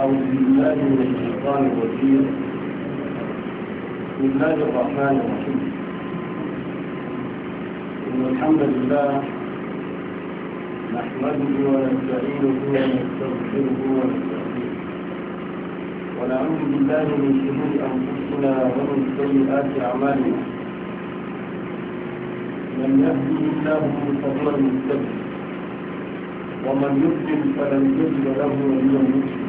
أعوذ بالله من الشيطان الرجيم بسم الله الرحمن الرحيم إن الحمد لله نحمده ونستعينه ونستغفره ونستهديه ونعوذ بالله من شرور أنفسنا ومن سيئات أعمالنا من يهده الله فهو المهتدي ومن يضلل فلن تجد له وليا مرشدا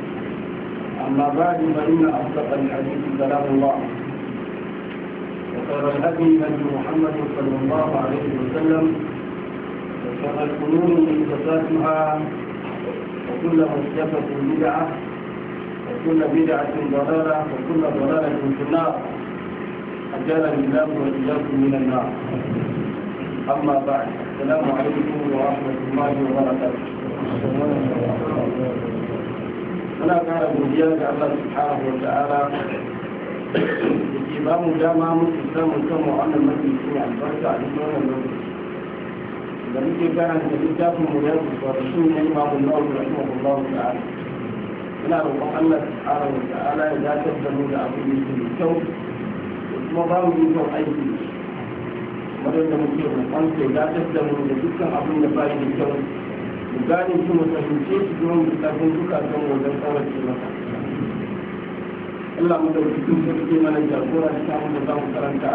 أما بعد فإن أصدق الحديث كلام الله وخير الهدي هدي محمد صلى الله عليه وسلم وشر القلوب محدثاتها وكل محدثة بدعة وكل بدعة ضلالة وكل ضلالة في النار أجالني الله وإياكم من النار أما بعد السلام عليكم ورحمة الله وبركاته muna kara godiya ga Allah subhanahu wa ta'ala da ke ba mu dama muke samun kanmu wannan mafi albarka a cikin wannan lokaci da muke karanta littafin mu ya zuwa rashin ne imamu nawawi da ala. Ina roƙon Allah subhanahu wa ta'ala ya dakatar da mu da abin da yake kyau kuma ba mu ikon aiki wadanda muke roƙon sai dakatar da mu da dukkan abin da ba yi da kyau gane shi mu fahimce shi domin mu tafi duka kan wajen kawarce masa Allah mu da cikin sarki mana jagora da samu da za mu karanta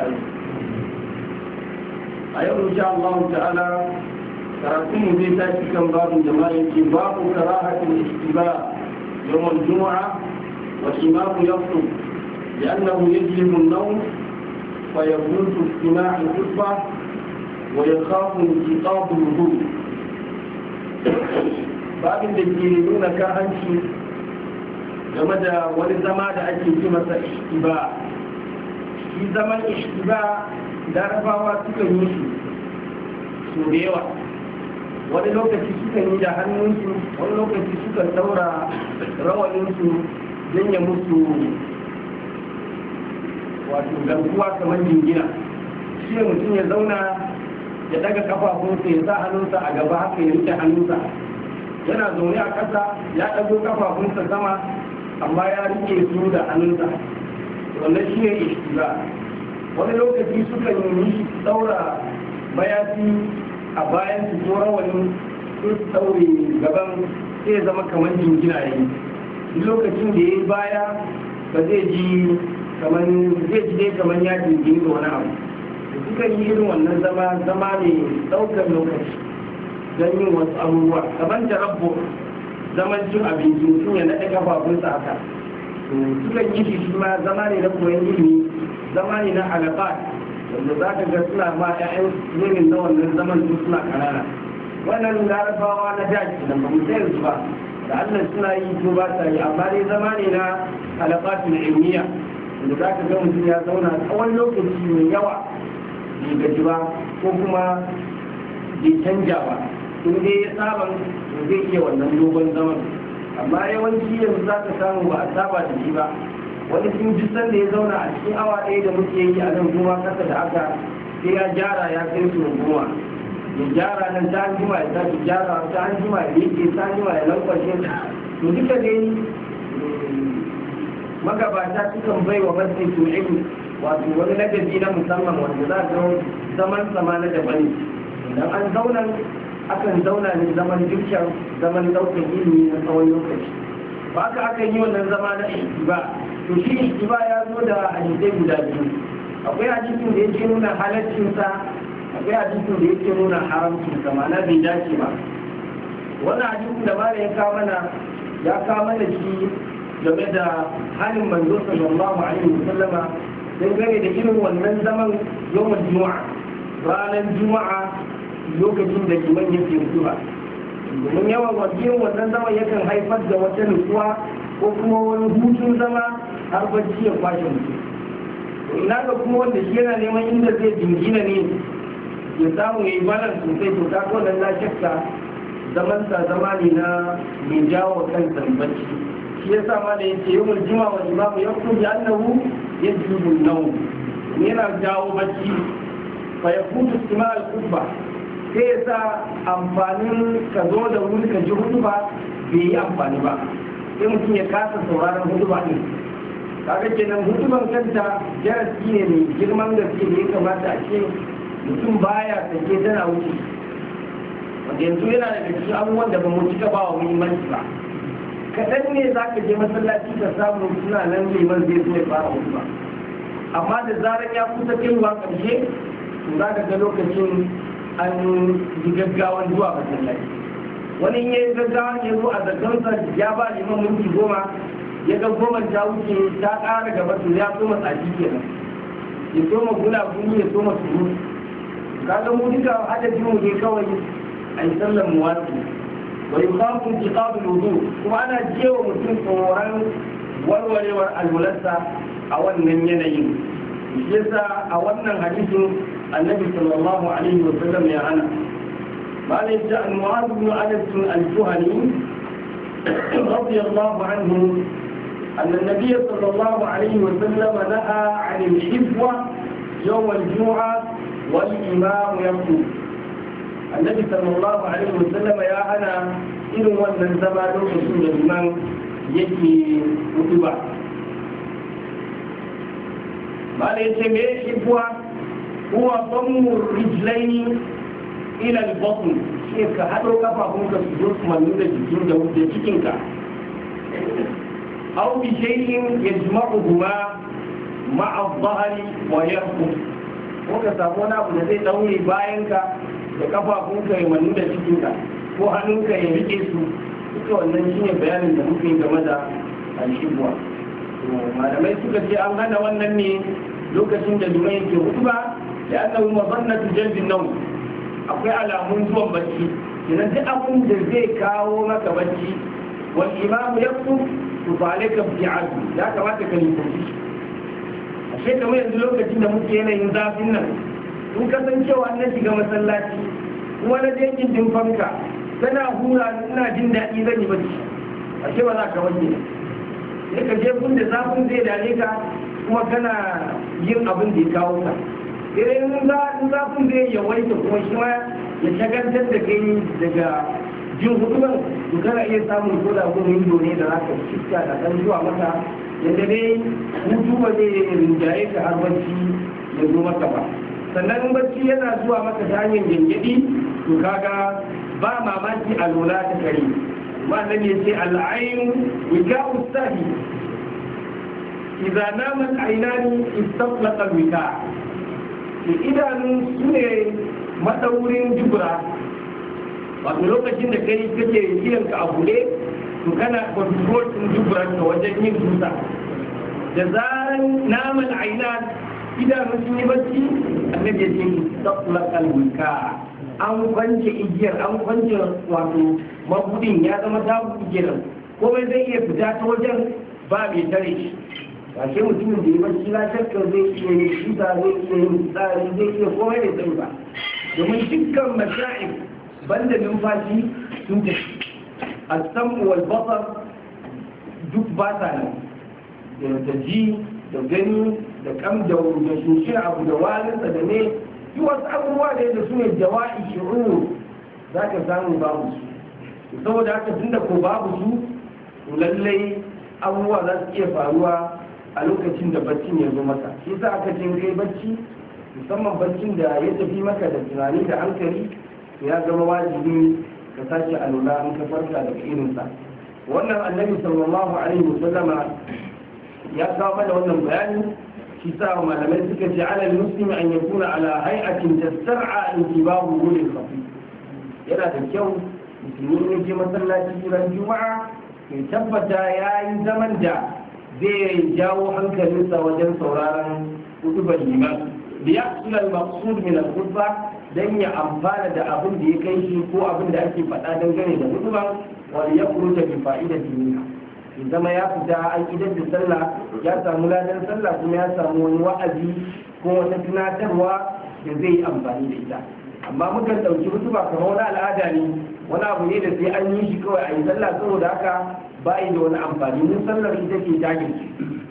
a yau a yau insha Allah ta'ala karatun mu zai tashi kan babin da ma yake babu karahatin istiba yawmal jumu'a wa imamu yaqtu لأنه يجلب النوم فيبوظ استماع الخطبة ويخاف انتقاض الوضوء babin da ke nuna karhanci game da wani zama da ake ce masa ishtiba shi zaman ishtiba larabawa suka yi shi su da yawa wani lokaci suka yi da hannunsu wani lokaci suka saura rawaninsu don ya musu wato garkuwa kamar jingina shi mutum ya zauna ya daga kafafunsa ya sa hannunsa a gaba haka ya rike hannunsa yana zaune a ƙasa ya ɗago kafafunsa sama amma ya rike su da hannunsa wannan shi ne ishtiza wani lokaci suka yi daura mayafi a bayan su ko rawanin sun daure gaban sai zama kamar jingina yi lokacin da ya yi baya ba zai ji kamar zai ji dai kamar ya jingina da wani abu sukan yi irin wannan zama zama ne daukar lokaci don yin wasu abubuwa kaban da rabbo zaman cin abinci mutum ya naɗe kafafunsa haka sukan yi shi ma zama ne na koyon ilimi zama ne na alaƙa wanda za ka ga suna ma 'ya'yan yinin na wannan zaman su suna ƙanana wannan larabawa na da ke ba mu sayar su ba da allah suna yi ko ba sa yi amma dai zama ne na na ilmiya wanda za ka ga mutum ya zauna tsawon lokaci mai yawa bai gaji ba ko kuma bai canja ba in dai ya saba zai iya wannan dogon zaman amma yawanci yanzu za ka samu ba a saba da shi ba wani sun ji san da ya zauna a cikin awa ɗaya da muke yi a nan kuma kasa da aka sai ya gyara ya kai su goma ya gyara nan ta jima ya sake gyara ta an jima ya yake ta jima ya lankwashe to duka dai magabata sukan bai wa su ilmi wato wani ladabi na musamman wanda za ga zaman sama na daban idan an zauna akan zauna ne zaman dukkan zaman ɗaukar ilimi na tsawon lokaci ba aka akan yi wannan zama na ba to shi ba ya zo da hadisai guda biyu akwai hadisin da yake nuna halaccinsa akwai hadisin da yake nuna haramcinsa ma'ana bai dace ba wannan hadisin da Malam ya kawo mana ya kawo mana shi game da halin manzo sallallahu alaihi wasallama dangane da irin wannan zaman yawan juma'a ranar juma'a lokacin da liman yake zuwa domin yawan wajen wannan zaman yakan haifar da wata nutsuwa ko kuma wani hutun zama har bacci ya kwashe mutum ina ga kuma wanda shi yana neman inda zai jingina ne ya samu ya yi balan sosai to ta kowa na shakka zaman sa zama ne na mai jawo kan bacci shi ya sa ma da yake yawan jima wa imamu ya annahu يجلب النوم yana jawo bacci fa ya kutu sima al-khutba sai yasa amfanin ka zo da wuri ka ji ba bai yi amfani ba sai mutum ya kasa sauraron hutuba din kaga kenan hutuban kanta darasi ne mai girman gaske da ya kamata a ce mutum baya sake tana wuce wanda yanzu yana daga cikin abubuwan da ba mu cika ba wa muhimmanci ba kaɗan ne za ka je masallaci ka samu suna nan liman zai zai ya fara hutuba amma da zarar ya kusa kaiwa ƙarshe to za ka ga lokacin an yi gaggawan zuwa masallaci wani ya yi gaggawa ya zo a zagansa ya ba liman minti goma ya ga goma ta wuce ta ƙara gaba to ya soma tsaki kenan ya soma guna-guni ya soma suru kaga mu duka adadin mu ne kawai a yi sallan muwatsi ويخاف انتقاب الوضوء وانا جيو مسلم فوران والولي والولسة او من ينين جزا اول من حديث النبي صلى الله عليه وسلم يا انا بعد جاء معاذ بن انس الجهني رضي الله عنه ان النبي صلى الله عليه وسلم نهى عن الحفوة يوم الجمعة والإمام يقول annabi sallallahu alaihi wasallam ya hana irin wannan zama lokacin da liman yake mutu ba bala ya ce me shifuwa kuwa bamu rijlaini ila al-batn shi ka hado kafafunka su zo su mannu da jikin da wuce ka aw bi shay'in yajma'uhuma ma'a adh-dhahri wa yarqu ko ka samu wani abu da zai daure bayanka da kafafunka ya mannu da cikinka ko hannunka ya rike su suka wannan shine bayanin da muke game da alshibwa malamai suka ce an hana wannan ne lokacin da limai ke ba da an annahu mazannatu jalbin nau akwai alamun zuwan bacci idan duk abin da zai kawo maka bacci wal imamu su fale ka fi azu ya kamata ka nisanci a shekaru yanzu lokacin da muke yanayin zafin nan in kasancewa na shiga masallaci kuma na je gindin fanka tana hura ina jin daɗi zan yi bacci a ce ba za ka wanke ne ka je kun da zafin zai dare ka kuma kana yin abin da ya kawo ka irin eh, in zafin zai yawaita kuma shi ma ya shagantar da kai daga jin hudubar to kana iya samun ko da gurin ido ne da za ka fuska da ɗan zuwa mata yadda dai hutu ba zai rinjaye ka har bacci ya zo maka ba sannan in bacci yana zuwa maka ta hanyar gengedi to kaga ba mamaki a lura ta kare wannan ya ce al'ainu wika ustahi idan namat ainani istaflaqa wika idanun su ne madaurin jubura. wato lokacin da kai kake yin ka abu ne to kana control din ta wajen yin tusa da zaran naman ainan idanun sun yi bacci annabi ya ce tsakular alwika an kwance igiyar an kwance wato mabudin ya zama tabu igiyar ko bai zai iya fita ta wajen ba mai tare shi ba ke mutumin da ya bacci na shakka zai iya yin shuta zai iya yin tsari zai iya komai da zai ba domin dukkan masha'i banda numfashi sun tafi a samu wal basar duk ba sa ne da ji da gani da kam da da shinshi abu da walinsa da ne yi wasu abubuwa da yadda su ne jawa'i shi'ur za ka samu babu su saboda haka tun da ko babu su lallai abubuwa za su iya faruwa a lokacin da baccin ya zo masa shi sa aka cin kai bacci musamman baccin da ya tafi maka da tunani da hankali ya zama wajibi ka sace alula an ka farka daga irinsa wannan annabi sallallahu alaihi wasallama ya kawo da wannan bayani shi sa malamai suka ce ala muslim an kuna ala hay'atin tasar'a babu gudun khafi yana da kyau musulmi ne je masallaci ran juma'a ya tabbata ya yi zaman da zai jawo hankalinsa wajen sauraron kutubar liman biya sulal maqsud min al-khutba dan ya amfana da abin da ya kai shi ko abin da ake faɗa dangane da hudubar da yakhruja da fa'idatihi zama ya fita an idan da sallah ya samu ladan sallah kuma ya samu wani wa'azi ko wata tunatarwa da zai yi amfani da ita amma mukan ɗauki wasu ba kamar wani al'ada ne wani abu ne da sai an yi shi kawai a yi sallah saboda haka ba yi da wani amfani mun sallar ita ke jagin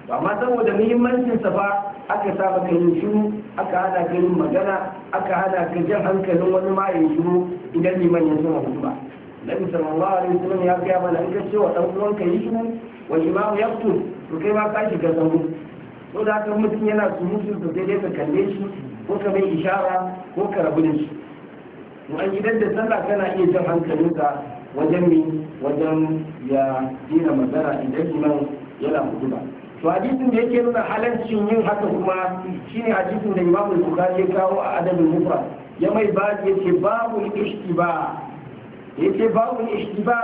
amma saboda muhimmancin sa fa aka saba ka yin shiru aka hada ka yin magana aka hada ka jan hankalin wani ma ya shiru idan liman ya zama hutu ba nabi sallallahu alaihi wasallam ya kai mana in ka dan uwan ka yi mu wa imam yaktu to kai ma ka shiga zango to da haka mutum yana surutu to sai dai ka kalle shi ko ka mai ishara ko ka rabu da shi mu an gidan da sallah kana iya jan hankalinka wajen mi wajen ya dina magana idan imam yana hutuba to hadisin da yake nuna halaccin yin haka kuma shine hadisin da imam al-bukhari ya kawo a adabul mufrad ya mai ba ya ce babu ishtiba yake babu ba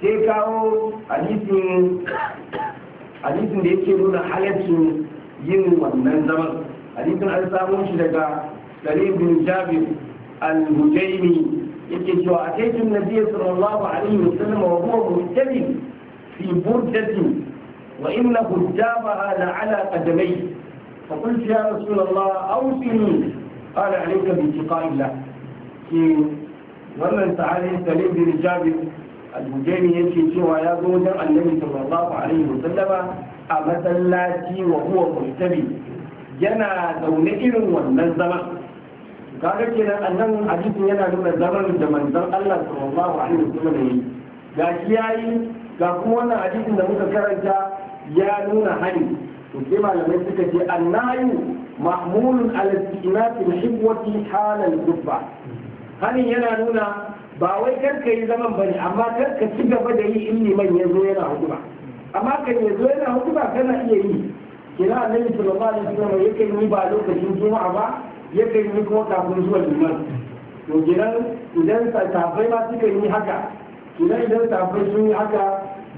sai kawo hadisin hadisin da yake nuna halaccin yin wannan zaman hadisin an samu shi daga sare bin jabir al-hujaini yake cewa a taikin nabiya sallallahu alaihi wasallam wa huwa muhtabi fi burdatin wa inna hujjabaha la ala qadamai fa qultu ya rasulullah awsini qala alayka bi tiqaillah wannan sahabi salim bin jabir al-hujaini yake cewa ya zo wajen annabi sallallahu alaihi wasallama a masallaci wa huwa mustabi yana zaune irin wannan zama kaga kenan annan hadisin yana nuna zaman da manzon Allah sallallahu alaihi wasallam yi ga shi yayi ga kuma wannan hadisin da muka karanta ya nuna hani to sai malamai suka ce annayu mahmulun ala istinati al-hibwati halal dubba. hanin yana nuna ba wai karka yi zaman bane amma karka ci gaba da yi in liman ya zo yana hukuma amma kan ya zo yana hukuma kana iya yi kina annabi sallallahu alaihi wasallam yi ba lokacin juma'a ba kai ni kuma kafin zuwa liman to kenan idan tafai ma suka yi haka kenan idan tafai sun yi haka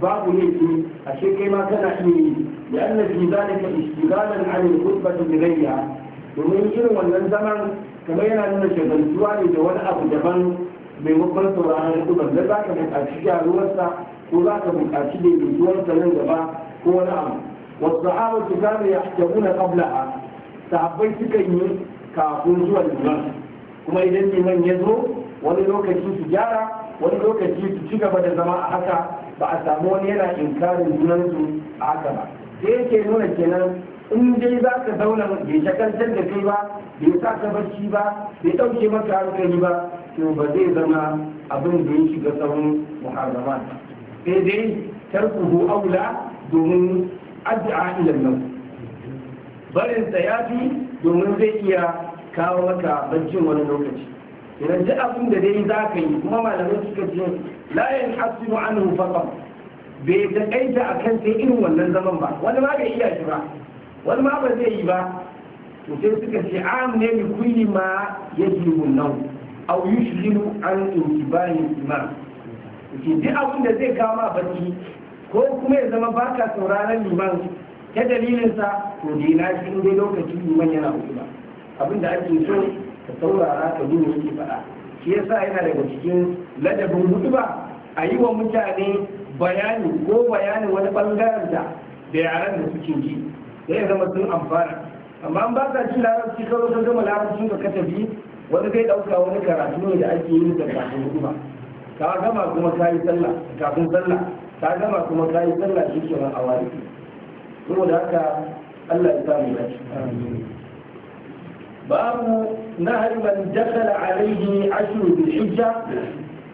babu laifi a kai ma kana iya yi da annabi zalika istidalan an al bi domin irin wannan zaman kamar yana nuna shagaltuwa ne da wani abu daban maimakon sauraron hukumar da za ka buƙaci gyaruwarsa ko za ka buƙaci daidaituwarsa nan gaba ko wani abu wasu sahaba su kama ya kabla a sahabbai kan yi kafin zuwa liman kuma idan liman ya zo wani lokaci su gyara wani lokaci su ci gaba da zama a haka ba a samu wani yana inkarin junansu a haka ba sai yake nuna kenan in dai za ka zauna bai shakantar da kai ba bai sa ka barci ba bai ɗauke maka hankali ba to ba zai zama abin da ya shiga tsawon muharrama sai dai tarkuhu aula domin addu'a ilan nan barin sa ya fi domin zai iya kawo maka barcin wani lokaci idan duk abin da dai za ka yi kuma malamai suka ce la yan hasinu anhu faqat bai taƙaita akan sai irin wannan zaman ba wani ma bai iya shi ba wani ma ba zai yi ba to sai suka ce am ne bi kulli ma yajibu nau aw yushghilu an intibani iman ki duk abin da zai kawo ma barci ko kuma ya zama baka sauraron liman ta dalilin sa to dai na shi in dai lokacin liman yana hukuma abin da ake so ka saurara ka dole yake faɗa shi yasa yana daga cikin ladabin ba a yi wa mutane bayani ko bayanin wani bangaren da da yaran da suke ji da ya zama sun amfana amma an ba ka ci larabci ka ka gama larabcin ka tafi wani zai ɗauka wani karatu ne da ake yi da kafin kuma ka gama kuma ka yi sallah kafin sallah ka gama kuma ka yi sallah shi ke nan awari saboda haka Allah ya sa mu dace babu nahar man dakala alaihi ashru bil hijja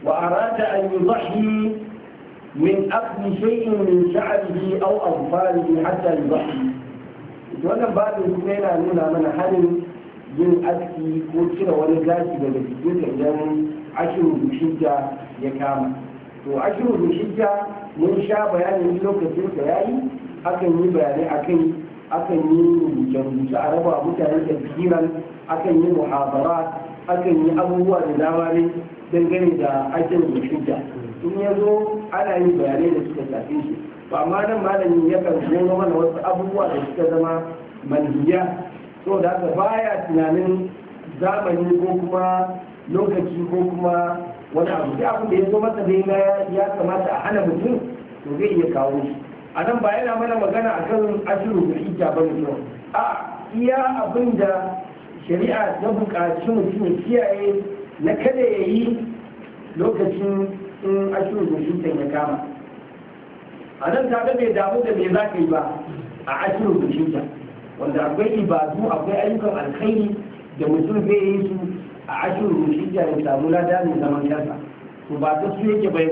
wa arada an yudhi min aqli shay'in min sha'rihi aw anfarihi hatta yudhi wannan babin kuma yana nuna mana hannun yin aski ko cire wani gashi daga jikinka idan ashirin dushijja ya kama to ashirin dushijja mun sha bayanin lokacin da yayi akan yi bayanai akai akan yi rubuce-rubuce a raba mutane da fikiran akan yi muhabara akan yi abubuwa da dama ne dangane da ashirin dushijja in ya zo ana yin bayanai da suka tafi shi ba ma nan malamin kan goro mana wasu abubuwa da suka zama manhiya so da haka baya tunanin zamani ko kuma lokaci ko kuma wani abu sai abin da ya zo masa dai ya kamata a hana mutum to zai iya kawo shi a nan ba yana mana magana a kan ashiru da ita ba ne a iya abin da shari'a ta buƙaci mutum ya kiyaye na kada ya yi lokacin in ashiru da ita ya kama a nan ta ga bai damu da me za ka yi ba a ashirin bishinta wanda akwai ibadu akwai ayyukan alkhairi da mutum zai yi su a ashirin bishinta ya samu lada mai zaman kansa to ba ta su yake bai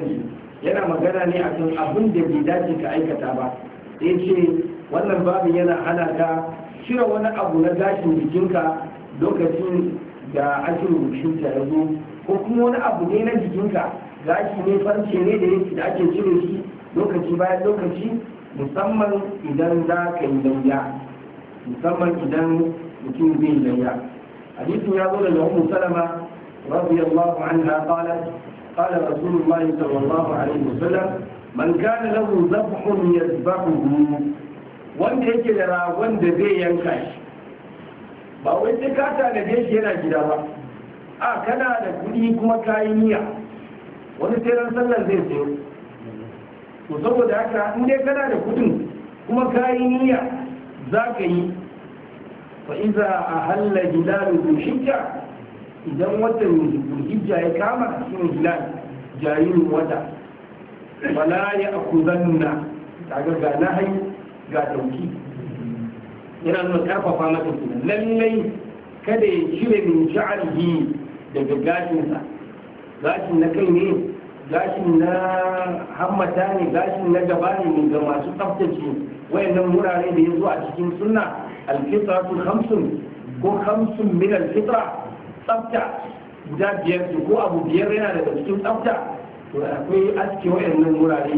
yana magana ne a kan abin da bai dace ka aikata ba sai ce wannan babu yana hana ka cire wani abu na gashin jikinka lokacin da ashirin bishinta ya zo ko kuma wani abu ne na jikinka gashi ne farce ne da yake da ake cire shi lokaci bayan lokaci musamman idan za ka yi layya musamman idan mutum zai yi layya hadisin ya zo daga umu salama radiyallahu anha qalat qala rasulullahi sallallahu alaihi wasallam man kana lahu zabhun yadhbahu wanda yake da ragon da zai yanka shi ba wai sai ka da shi yana gida ba a kana da kuɗi kuma yi niyya wani sai ran sallar zai sayo to saboda haka in dai kana da kudin kuma ka niyya za ka yi fa iza a halla hilalu idan watan zulhijja ya kama a cikin hilal jayin wata wala ya akuzanna kaga ga na hayi ga dauki yana nuna karfafa mata kenan lallai kada ya cire min sha'arihi daga gashinsa gashin na kai ne gashin na hammata ne gashin na gaba ne ga masu tsaftace wayannan wurare da ya zo a cikin sunna alfitra su hamsin ko hamsin min alfitra tsafta guda biyar su ko abu biyar yana daga cikin tsafta to akwai aske wayannan wurare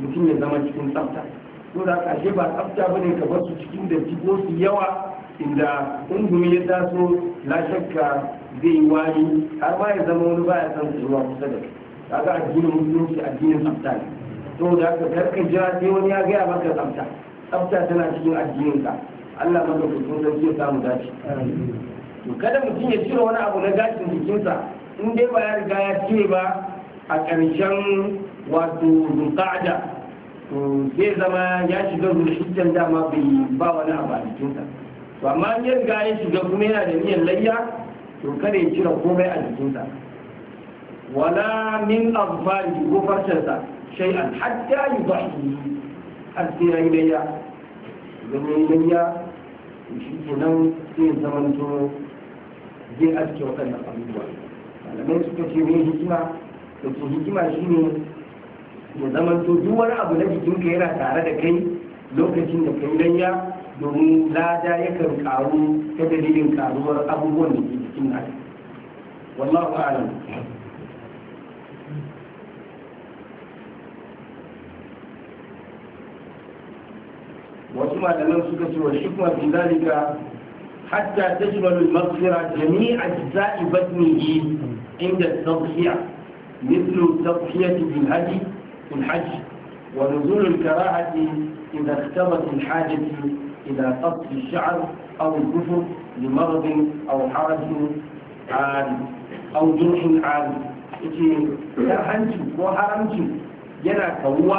mutum ya zama cikin tsafta to da ashe ba tsafta bane ka bar su cikin da ko su yawa inda ungumi ya taso na shakka zai wari har ba ya zama wani baya san su zuwa kusa da kai kaga addinin musulunci addinin tsafta ne to da ka karka jira sai wani ya gaya maka tsafta tsafta tana cikin addinin ka Allah maka fito sai ya samu dace to kada mutum ya cire wani abu na gashin jikinsa in dai ba ya riga ya ce ba a ƙarshen wato zulqa'da to zai zama ya shiga zulhijjan dama bai ba wani abu a jikinsa to amma in ya riga ya shiga kuma yana da niyyar layya to kada ya cire komai a jikinsa wala min azfari ko farcinsa farcensa shay'an hatta yudahi har sai yayi layya idan yayi layya shi ke nan sai zamanto zai aske waɗannan abubuwa malamai suka ce ne hikima da ke hikima ne ya zamanto duk wani abu na jikinka yana tare da kai lokacin da kai layya domin lada yakan karu ta dalilin karuwar abubuwan da ke jikin naka wallahu a'lam وسمع لمن سكت والحكمة في ذلك حتى تشمل المغفرة جميع أجزاء بدنه عند التضحية مثل التضحية بالهدي في الحج ونزول الكراهة إذا اختبت الحاجة إلى قص الشعر أو الكفر لمرض أو حرج عالي أو جنح عالي، إذا إيه، حنجي وحرمجي يلا كوا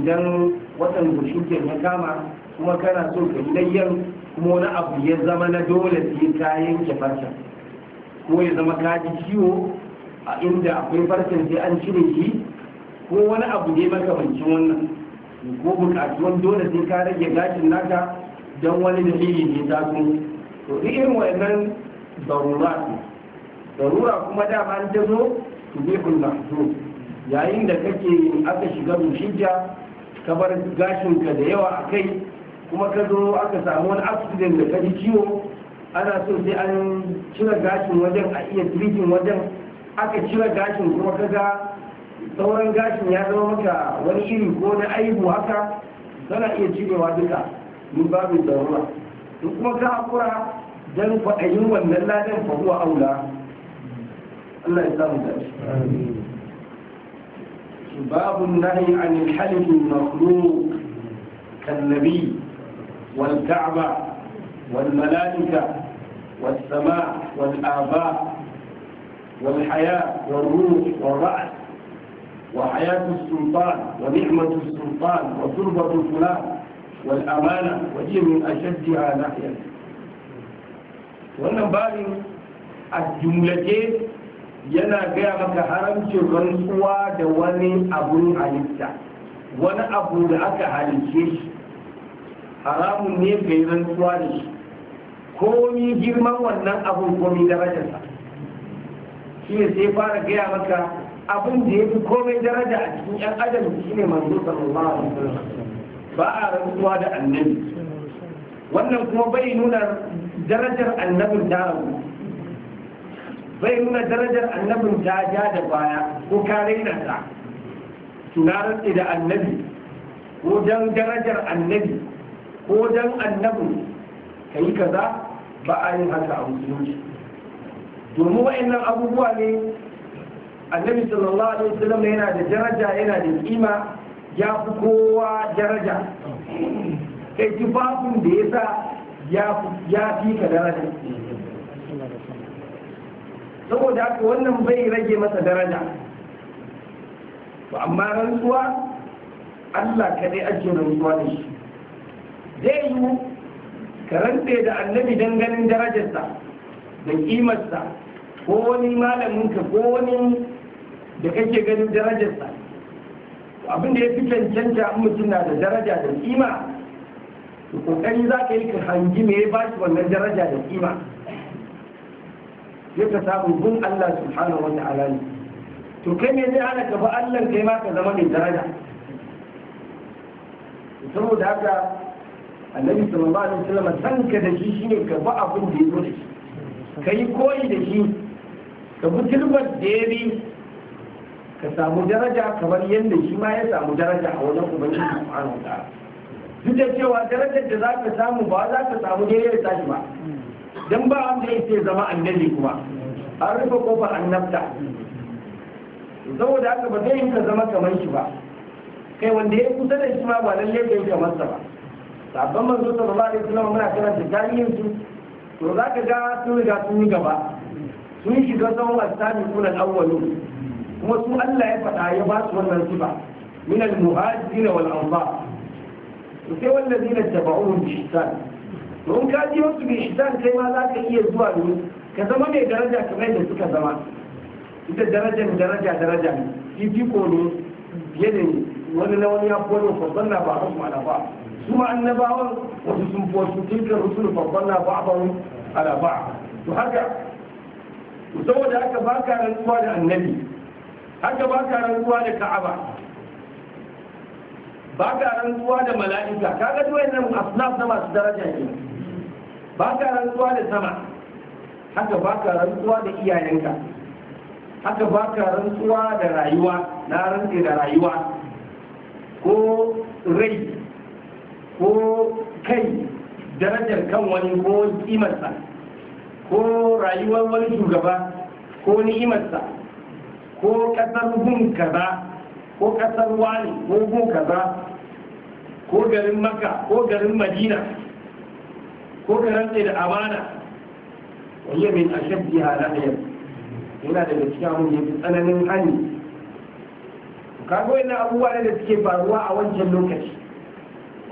إذا watan gushukin ya kama kuma kana so ka layyan kuma wani abu ya zama na dole sai ka yanke farcen ko ya zama ka ji ciwo a inda akwai farcen sai an cire shi ko wani abu ne makamancin wannan ko wani dole sai ka rage gashin naka don wani dalili ne ta so to duk irin wayannan darura ne darura kuma dama an ta zo to zai kun yayin da kake aka shiga zuciya ka bar ka da yawa a kai kuma ka zo aka samu wani accident da kaji ji ciwo ana so sai an cire gashin wajen a iya treating wajen aka cire gashin kuma ka ga sauran gashin ya zama maka wani iri ko na aibu haka tana iya cirewa duka min babin ruwa in kuma ka hakura dan kwaɗayin wannan ladan fa huwa aula Allah ya samu باب النهي عن الحلف المخلوق كالنبي والكعبة والملائكة والسماء والآباء والحياة والروح والرأس وحياة السلطان ونعمة السلطان وتربة فلان والأمانة وهي من أشدها نحيا وأنا بالي الجملتين yana gaya maka haramcin rantsuwa da wani abun halitta wani abu da aka halice shi haramun ne ka yi rantsuwa da shi komi girman wannan abun komi darajarsa shi ne sai fara gaya maka abin da ya fi komai daraja a cikin yan adam shi ne manzo sallallahu ba a rantsuwa da annabi wannan kuma bai nuna darajar annabin da bai nuna darajar annabin ta da baya ko ka raina ta tunarar da annabi ko dan darajar annabi ko dan annabin ka yi kaza ba a yin haka a musulunci domin wa'annan abubuwa ne annabi sallallahu alaihi wasallam yana da daraja yana da kima ya fi kowa daraja kai tufafin da ya sa ya fi ka daraja saboda haka wannan bai rage masa daraja to amma rantsuwa Allah kaɗai ake rantsuwa da shi zai yi ka rantse da annabi don ganin darajarsa da kimarsa ko wani malaminka ko wani da kake ganin darajarsa abin da ya fi cancanta an mutum na da daraja da kima to kokari za ka yi ka hangi me ya ba shi wannan daraja da kima sai ka samu gun Allah subhanahu wa ta'ala ne to kai me zai hana ka ba Allah kai ma ka zama mai daraja saboda haka annabi sallallahu alaihi wasallam ka da shi shine ka ba abin da yake da shi kai koyi da shi ka bi da ya bi ka samu daraja kamar yadda shi ma ya samu daraja a wajen ubangiji subhanahu wa ta'ala duk da cewa darajar da za ka samu ba za ka samu ne da tashi ba dan ba wanda yake zama annabi kuma an rufe kofar annabta saboda haka ba zai ka zama kamar shi ba kai wanda ya kusa da shi ma ba lalle ka yi kamar sa ba sabon manzo ta sallallahu alaihi wasallam muna karanta tarihin su to za ka ga sun riga sun yi gaba sun shiga sahun asali kuna awwalu kuma su Allah ya faɗa ya ba su wannan sifa min al-muhajirin wal ansar sai wallazina tabauhum bi don kaji wasu bai shi zan kai ma za ka iya zuwa domin ka zama mai daraja kamar da suka zama ita darajar daraja daraja fifiko ne fiye da wani na wani ya kone babban na ba wasu mana ba su ma annabawan wasu sun fi wasu tilkar rusul babban na ba ba ala ba to haka saboda haka ba ka rantsuwa da annabi haka ba ka rantsuwa da ka'aba ba ka rantsuwa da mala'ika ga duwayen nan asnaf na masu daraja ne ba ka rantsuwa da sama haka ba ka rantsuwa da iyayenka haka ba ka rantsuwa da rayuwa na rantse da rayuwa ko rai ko kai darajar kan wani ko imarsa ko rayuwar wani shugaba ko ni'imarsa ko kasar gun kaza ko kasar wani ko gun kaza ko garin maka ko garin madina ko ka rantse da amana wani min ashabbi halayen yana da cikin abin yafi tsananin hani ka goyi na abubuwa ne da suke faruwa a wancan lokaci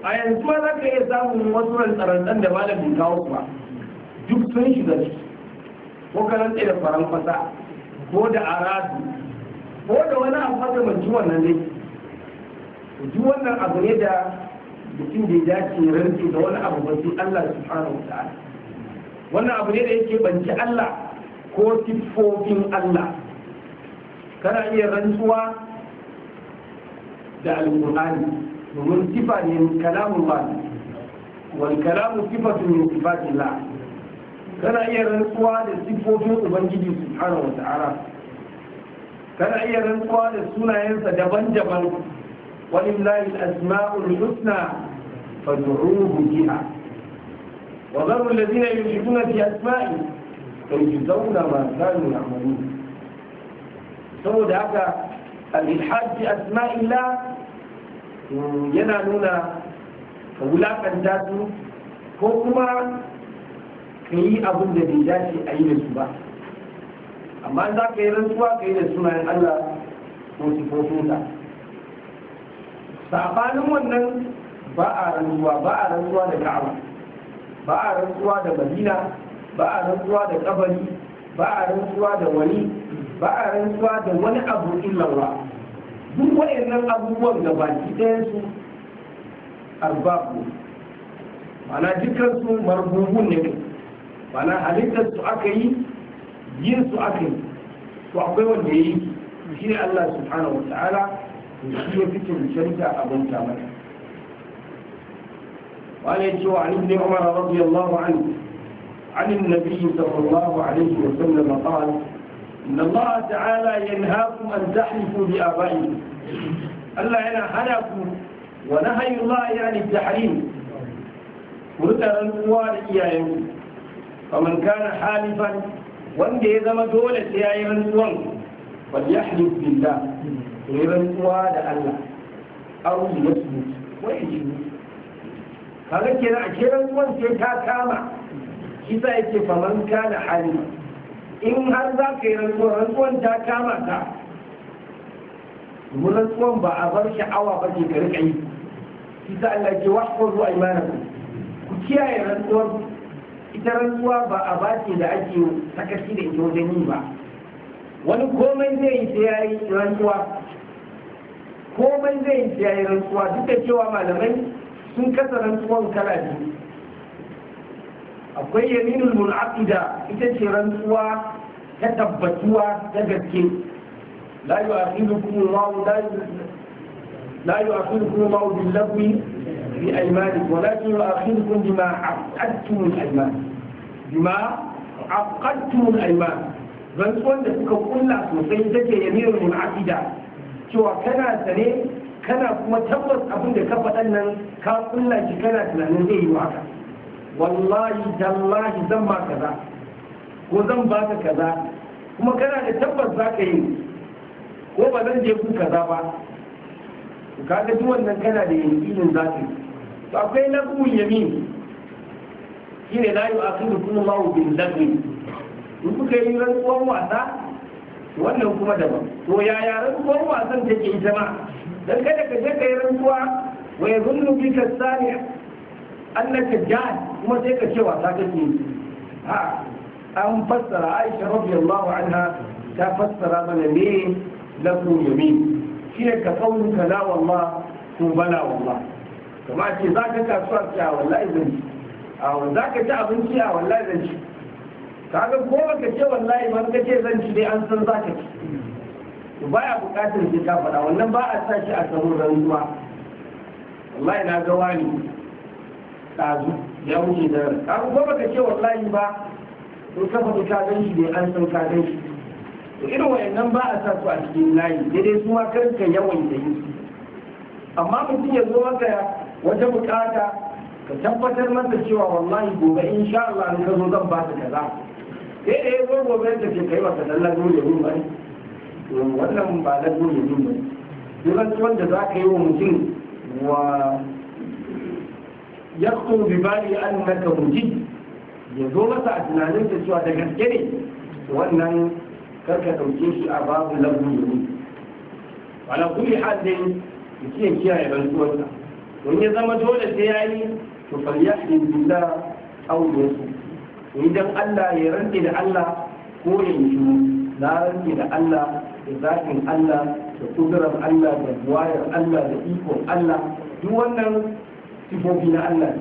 a yanzu ma za ka iya samun wasu rantsarantsan da ba da kawo kuma duk sun shiga ciki ko ka rantse da faranfasa ko da aradu ko da wani abu makamancin wannan dai duk wannan abu ne da mutum ya dace rantsi da wani abu ba sai Allah subhanahu wa ta'ala wannan abu ne da yake banci Allah ko siffofin Allah kana iya rantsuwa da alƙur'ani domin sifa ne kalamun ba wal kalamu sifatu min sifatillah kana iya rantsuwa da siffofin ubangiji subhanahu wa ta'ala kana iya rantsuwa da sunayensa daban-daban walillahi al-asma'ul husna فادعوه بها وذروا الذين يلحدون في أسمائه سيجزون ما كانوا يعملون saboda haka alhaji asma'ila yana nuna ka wulakanta su ko kuma ka yi abin da bai dace a yi da su ba amma za ka yi rantsuwa ka yi da sunayen allah ko sifofinsa sabanin wannan ba a rantsuwa ba a rantsuwa da ka'aba ba a rantsuwa da madina ba a rantsuwa da kabari ba a rantsuwa da wani ba a rantsuwa da wani abu illawa duk wayannan abubuwan da baki ɗayan su arbabu mana dukkan su marbubun ne mana halittar su aka yi yin su aka yi to akwai wanda ya yi shi ne Allah subhanahu wa ta'ala shi ya fi shari'a abin mata قال يتشوى عن ابن عمر رضي الله عنه عن النبي صلى الله عليه وسلم قال إن الله تعالى ينهاكم أن تحلفوا بآبائكم الله ينهاكم ونهي الله يعني التحريم ورتر يا إياهم فمن كان حالفا وانده إذا ما دولت يا إيمان الوان فليحلف بالله إيمان الوار الله أو يسمت ويجمت kaga na a ce ruwan sai ta kama Shi sa yake faman kana hali in har za ka yi rantsuwar rantsuwan ta kama ta mu rantsuwan ba a bar sha'awa ba ke ka kai yi sa Allah ke wahfar zuwa imanin ku kiyaye rantsuwar ita rantsuwa ba a ce da ake sakaci da ita wajen yi ba wani komai zai yi sai yayi rantsuwa komai zai yi sai yayi rantsuwa duk da cewa malamai sun kasaran tuwon kalaji akwai yaminul mun'aqida ita ce rantsuwa ta tabbatuwa ta gaske la yu'akhidukum Allahu la yu'akhidukum Allahu bil lagwi fi aymanikum walakin yu'akhidukum bima aqadtum al ayman bima aqadtum al ayman rantsuwan da kuka kulla sosai take yaminul mun'aqida cewa kana sane kana kuma tabbas abin da ka faɗan nan ka kulla shi kana tunanin zai yi wa haka wallahi tallahi zan ba kaza ko zan ba ka kaza kuma kana da tabbas za ka yi ko ba zan je ku kaza ba ka ga duk wannan kana da yankinin za ka yi to akwai lagwun yamin shine la yu'akhidukum mawu bin lagwi in kuka yi rantsuwar wasa wannan kuma daban to yaya rantsuwar wasan take ita ma dan kada ka je kai rantsuwa wa yazunnu bika sani annaka jahl kuma sai ka ce wasa kake Ha, an fassara Aisha radiyallahu anha ta fassara mana ne lakum yamin shine ka kauluka la wallah ko bala wallah kuma ce za ka kasuwa ce a wallahi zan ci a za ka ci abinci a wallahi zan ci kaga ko baka ce wallahi ban ka ce zan ci dai an san za ka ci ba ya bukatar shi ta faɗa wannan ba a sa shi a samun rantsuwa wallahi na ga wani ɗazu ya wuce da an ko baka ce wallahi ba in ka faɗi ka shi ne an san ka gan shi to irin wayannan ba a sa su a cikin layi daidai su ma ka yawan da yi amma mutum ya zo maka wata bukata ka tabbatar masa cewa wallahi gobe insha Allah in ka zo zan ba ka kaza sai eh gobe zo gobe da ke ba ka dalla dole mun bari. wannan ba na dole ne ba yawanci wanda za ka yi wa mutum wa yakto bi bali an naka mutum ya zo masa a tunanin da cewa da gaske ne wannan karka ɗauke shi a babu labu ne ala kulli hal dai mutum ya kiyaye rantsuwarsa wani ya zama dole sai ya yi to falyahi billah aw yusuf idan Allah ya rantsi da Allah ko ya yi na rantsi da Allah da zaɓin Allah da kudurar Allah da buwayar Allah da ikon Allah duk wannan sifofi na Allah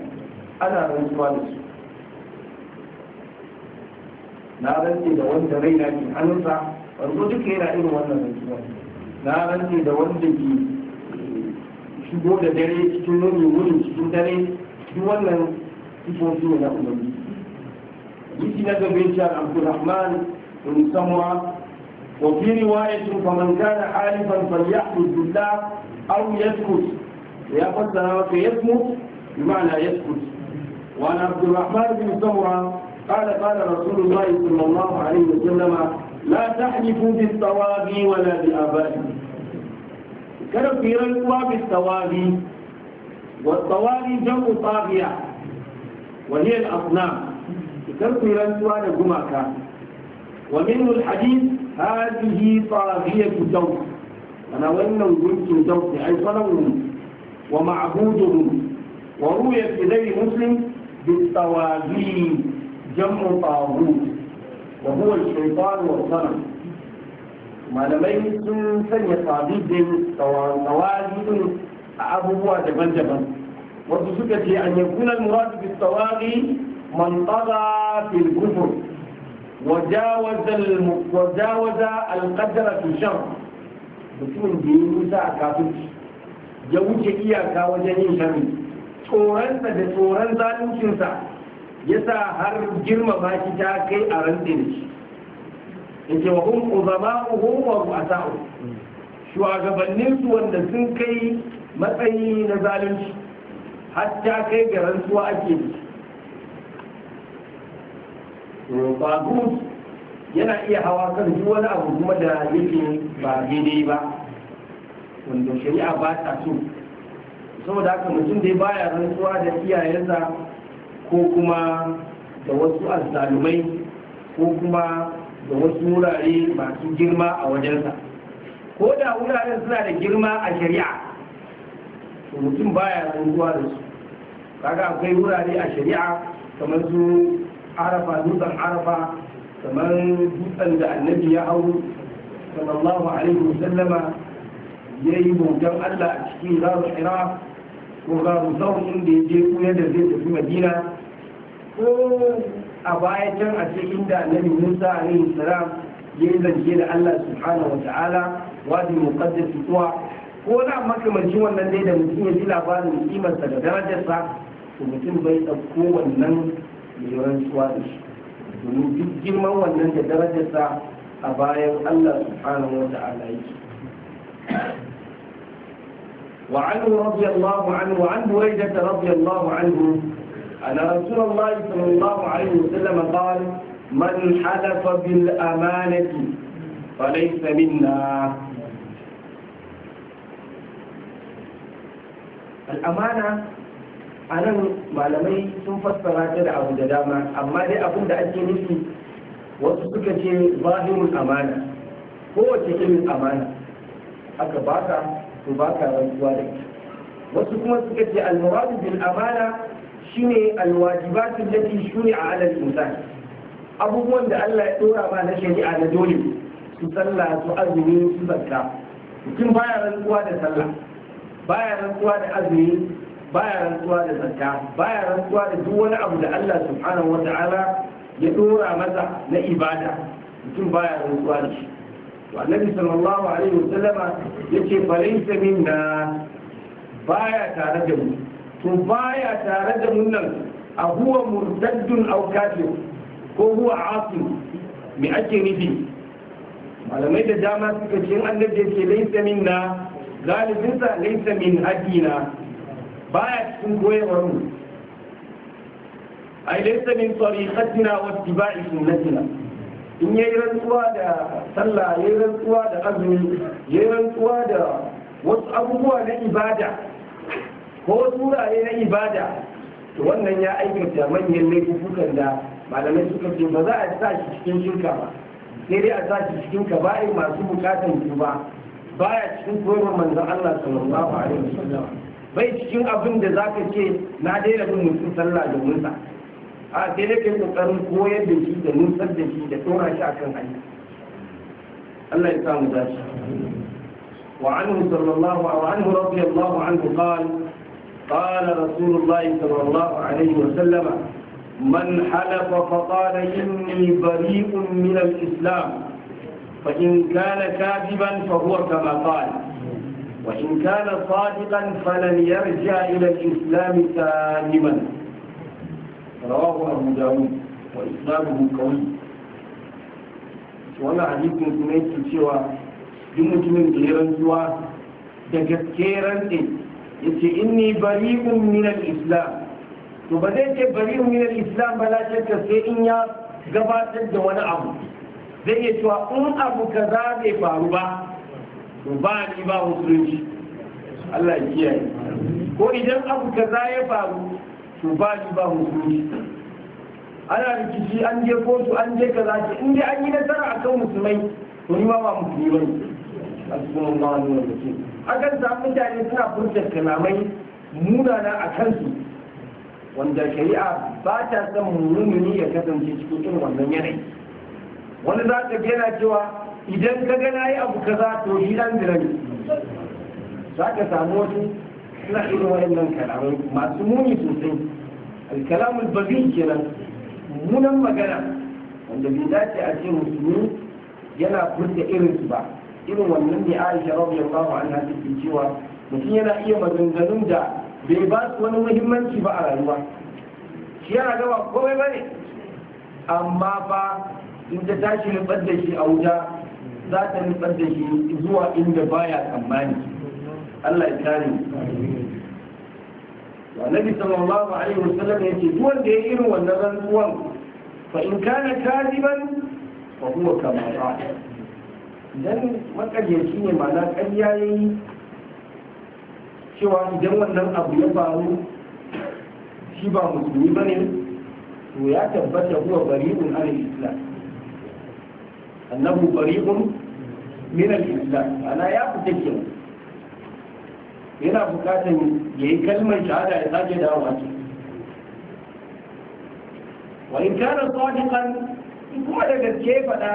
ana rantsuwa da su na rantse da wanda raina ke hannunsa wanzu duka yana irin wannan rantsuwa na rantse da wanda ke shigo da dare cikin wuni wurin cikin dare duk wannan sifofi ne na umarni hadisi na gabe shi abdulrahman bin samwa وفي رواية فمن كان حالفا فليحفظ بالله أو يسكت يا فسر يسمت بمعنى يسكت وعن عبد الرحمن بن سمرة قال قال رسول الله صلى الله عليه وسلم لا تحلفوا بالتوابي ولا بآبائكم كانوا في رنقوا بالتوابي والتوابي جمع طاغية وهي الأصنام كانوا في رنقوا لجمعك ومنه الحديث هذه طاغية جوف أنا وإن وجود جوف أي صنم ومعبود وروي في مسلم بالتواغي جمع طاغوت وهو الشيطان والصنم ما لمين سن سن طاغيد طواغيد أبوه جبل جبل وتسكت أن يكون المراد بالتواغي من طغى في الكفر wajawaza alƙadara tushen mutumin da ya nisa a kafin ya wuce iyaka wajen yin shari tsoronsa da tsoron zaluncinsa ya sa har girmama shi ta kai a rantse da shi in ce wa hun uzama uhun wanda sun kai matsayi na zalunci ta kai ga rantsuwa ake da shi roƙa yana iya hawa kan duk wani abu kuma da yake ba daidai ba wanda shari'a ba ta so saboda haka mutum dai baya rantsuwa da iyayensa ko kuma da wasu azzalumai ko kuma da wasu wurare masu girma a wajensa ko da wuraren suna da girma a shari'a to mutum baya rantsuwa da su kaga akwai wurare a shari'a kamar su arafa dutsen arafa kamar dutsen da annabi ya hau sallallahu alaihi wasallama ya yi bautan allah a cikin zaru hira ko zaru zaun inda ya je kuyar da zai tafi madina ko a baya can a ce inda annabi musa alaihi salam ya yi zance da allah subhanahu wa ta'ala wadi muqaddas kuwa ko da makamancin wannan dai da mutum ya ji labarin kimarsa da darajarsa to mutum bai ɗauko wannan yi rantsuwa da shi domin duk girman wannan da darajarsa a bayan Allah subhanahu wa ta'ala yake وعنه رضي الله عنه وعن بريدة رضي الله عنه أن رسول الله صلى الله عليه وسلم قال من حلف بالأمانة فليس منا الأمانة a nan malamai sun fassara ta da abu da dama amma dai abin da ake nufi wasu suka ce zahirun amana kowace irin amana aka baka to baka rantsuwa da ita wasu kuma suka ce almuradu bil amana shine alwajibatu lati shuri'a ala al-insan abubuwan da Allah ya dora ma na shari'a na dole su sallah su azumi su zakka mutum baya rantsuwa da sallah baya rantsuwa da azumi baya rantsuwa da zakka baya rantsuwa da duk wani abu da Allah subhanahu wata'ala ya dora masa na ibada mutum baya rantsuwa da shi to annabi sallallahu alaihi wasallama yace falaysa minna baya tare da mu to baya tare da mun nan a huwa murtaddun aw kafir ko huwa asim me ake nufi malamai da dama suka ce annabi yake laysa minna galibinsa laysa min hadina baya cikin koyarwar mu ai laysa min tariqatina wa ittiba'i sunnatina in yayi rantsuwa da sallah yayi rantsuwa da azumi yayi rantsuwa da wasu abubuwa na ibada ko turaye na ibada to wannan ya aikata manyan laifukan da malamai suka ce ba za a sa shi cikin shirka ba sai dai a sa shi cikin kaba'i masu bukatan ku Ba baya cikin koyarwar manzon Allah sallallahu alaihi wasallam bai cikin abin da za ka ce na daina bin mutum sallah da musa a sai na kai kokarin koyar da shi da nusar da shi da tsora shi a kan Allah ya samu dashi وعنه صلى الله وعنه رضي الله عنه قال قال رسول الله صلى الله عليه وسلم من حلف فقال إني بريء من الإسلام فإن كان كاذبا فهو كما قال وإن كان صادقا فلن يرجع إلى الإسلام سالما رواه أبو داود وإسلامه قوي wannan hadisin kuma yake cewa duk mutumin da ya rantsuwa da gaske rantsi ya ce inni bari min al-islam to ba zai ce bari min al-islam ba na shakka sai in ya gabatar da wani abu zai iya cewa in abu kaza bai faru ba to ba ni ba musulunci Allah ya kiyaye ko idan abu za ya faru to ba ni ba musulunci ana rikici an je kotu an je kaza ce in dai an yi nasara akan musulmai to ni ma ba musulmi bane asbunallahu wani ni'mal wakil akan samu mutane suna furta kalamai munana a kansu wanda shari'a ba ta son mummuni ya kasance cikin wannan yanayi wani za ka gina cewa idan ka ga yi abu kaza to shi dan jira za ka samu wasu suna irin nan kalamai masu muni sosai alkalamul bazin kenan munan magana wanda bai dace a ce musulmi yana furta irin su ba irin wannan ne Aisha radiyallahu anha take cewa mutum yana iya maganganun da bai ba su wani muhimmanci ba a rayuwa shi yana gaba komai ba ne amma ba in ta tashi da shi a wuta za ta nutsar da shi zuwa inda baya tsammani Allah ya kare nabi sallallahu alaihi wasallam yace duk wanda ya irin wannan rantsuwan fa in kana kadiban fa huwa kama ba. idan makaryaci ne ma'ana ƙarya yayi cewa idan wannan abu ya faru shi ba musulmi bane to ya tabbata huwa bari'un al-islam annahu fariqun min al-islam ana ya fita kenan yana bukatan yayi kalmar shahada ya sake dawowa ce wa in kana sadiqan kuma da gaske faɗa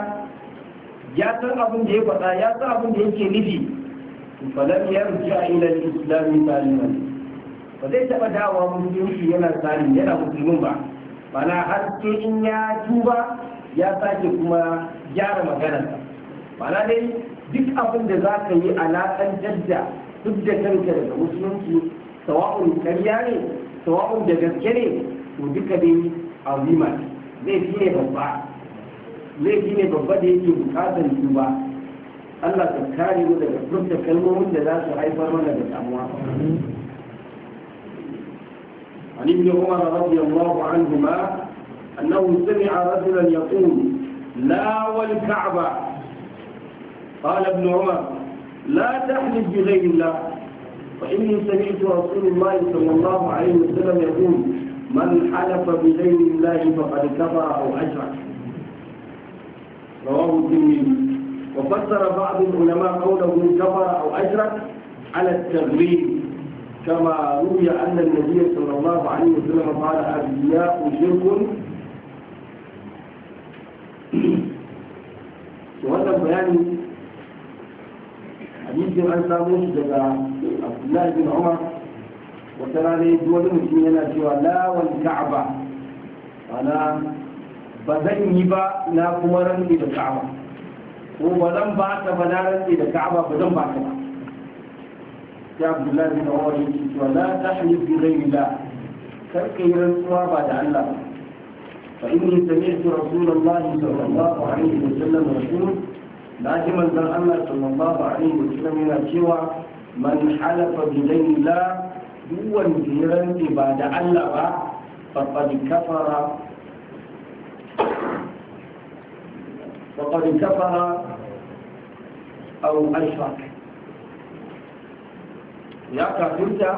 ya san abin da ya faɗa ya san abin da yake nufi falam yarja ila al-islam saliman ba zai taɓa dawowa musulunci yana salim yana musulmin ba bana har sai in ya tuba ya sake kuma gyara maganarsa mana dai duk abin da za ka yi a alaƙantar da duk da kanka daga musulunci sawa'un karya ne sawa'un da gaske ne to duka dai azima zai fi ne babba zai fi ne babba da yake bukatar ba. Allah ka kare mu daga furta kalmomin da za su haifar mana da damuwa عن ابن عمر رضي الله عنهما أنه سمع رجلا يقول لا والكعبة قال ابن عمر لا تحلف بغير الله فإني سمعت رسول الله صلى الله عليه وسلم يقول من حلف بغير الله فقد كفر أو أشرك رواه الترمذي وفسر بعض العلماء قوله كفر أو أشرك على التغليب كما روي أن النبي صلى الله عليه وسلم قال أبياء شرك to wannan bayani hadisin an samu shi daga abdullahi bin umar wata rana ya wani mutum yana cewa lawan ka'aba ana ba zan yi ba na kuma rantsi da ka'aba ko ba zan ba ta ba na rantsi da ka'aba ba zan ba ta ba sai abdullahi bin umar ya ce cewa la ta halif bi ghairi la kar ka yi rantsuwa ba da Allah ba فإني سمعت رسول الله صلى الله عليه وسلم يقول لازما زن الله صلى الله عليه وسلم yana cewa man halafa bi la duk wanda ya rantse ba da Allah ba faqad kafara faqad kafara ya kafirta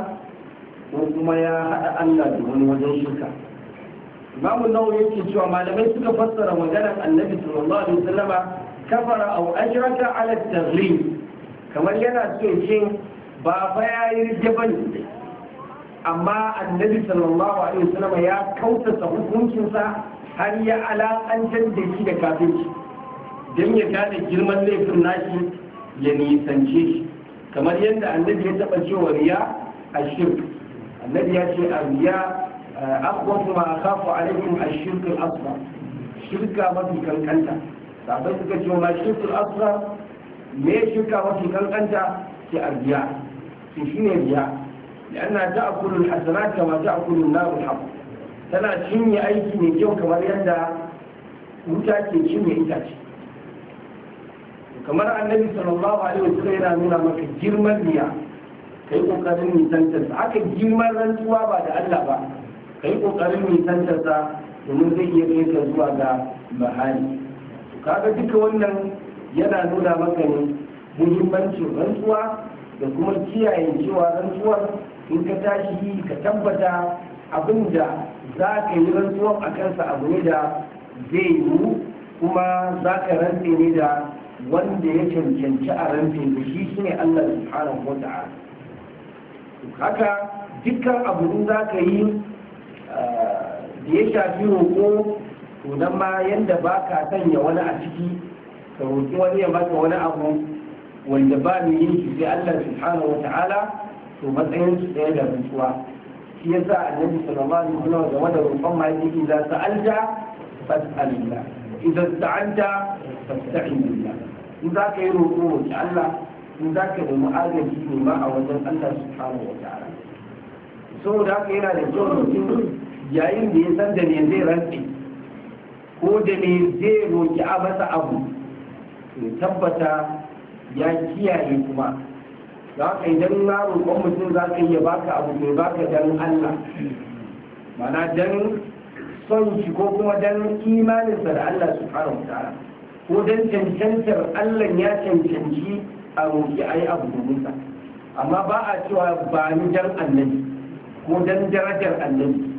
ko kuma ya Allah da wani wajen imamu nawawi yake cewa malamai suka fassara maganar annabi sallallahu alaihi wasallama kafara aw ajraka ala taghlib kamar yana so ce ba fa yayi rijaban amma annabi sallallahu alaihi wasallama ya kautata hukuncinsa har ya alaƙantar da shi da kafinci don ya gane girman laifin nashi ya nisance shi kamar yadda annabi ya taɓa cewa riya a shirk annabi ya ce a riya akwai ma kafa alaikum a shirkul asfa shirka mafi kankanta sabai suka ce ma shirkul asfa me shirka mafi kankanta ce a biya shi shi biya da ana ta akulun hasana kama ta akulun narun haku tana cinye aiki mai kyau kamar yadda wuta ke cinye itace kamar annabi sallallahu alaihi wasallam yana nuna maka girman biya kai kokarin nisantar aka girman rantsuwa ba da Allah ba ka yi ƙoƙarin nisantarsa domin zai iya kai ka zuwa ga bahari kaga duka wannan yana nuna maka ne muhimmanci rantsuwa da kuma kiyaye cewa rantsuwar in ka tashi ka tabbata abin da za ka yi rantsuwar a kansa abu ne da zai yiwu kuma za ka rantse ne da wanda ya cancanci a rantse da shi shine Allah subhanahu wa ta'ala haka dukkan abu zaka za ka yi da ya shafi roƙo to nan ma yadda ba ka sanya wani a ciki ka roƙi wani ya maka wani abu wanda ba ni yin shi sai Allah subhanahu wa ta'ala to matsayin su ɗaya da rantsuwa shi yasa annabi sallallahu alaihi wasallam game da roƙon ma yake idan sa'alta fas'alillah idan sa'alta fasta'in in za ka yi roƙo roƙi Allah in za ka yi agaji ne ma a wajen Allah subhanahu wa ta'ala saboda haka yana da kyau mutum yayin da ya san da ne zai rantsi ko da ne zai roƙi a masa abu ya tabbata ya kiyaye kuma za ka idan na roƙon mutum za ka iya baka abu mai baka dan Allah mana dan son shi ko kuma dan imaninsa da Allah subhanahu fara ta'ala ko dan cancantar Allah ya cancanci a roƙi ai abu domin sa amma ba a cewa ba ni dan annabi ko dan darajar annabi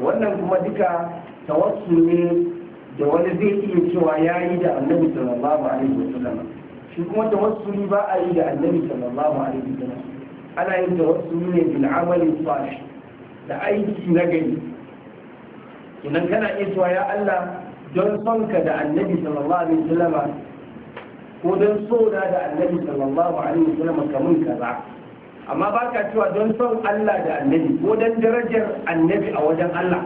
wannan kuma duka tawassul ne da wani zai iya cewa ya yi da annabi sallallahu alaihi wasallam shi kuma tawassuli ba a yi da annabi sallallahu alaihi wasallam ana yin tawassuli ne bil amali salih da aiki na gari idan kana iya cewa ya Allah don son ka da annabi sallallahu alaihi wasallam ko don so da annabi sallallahu alaihi wasallam kamun kaza amma ba ka cewa don son Allah da annabi ko don darajar annabi a wajen Allah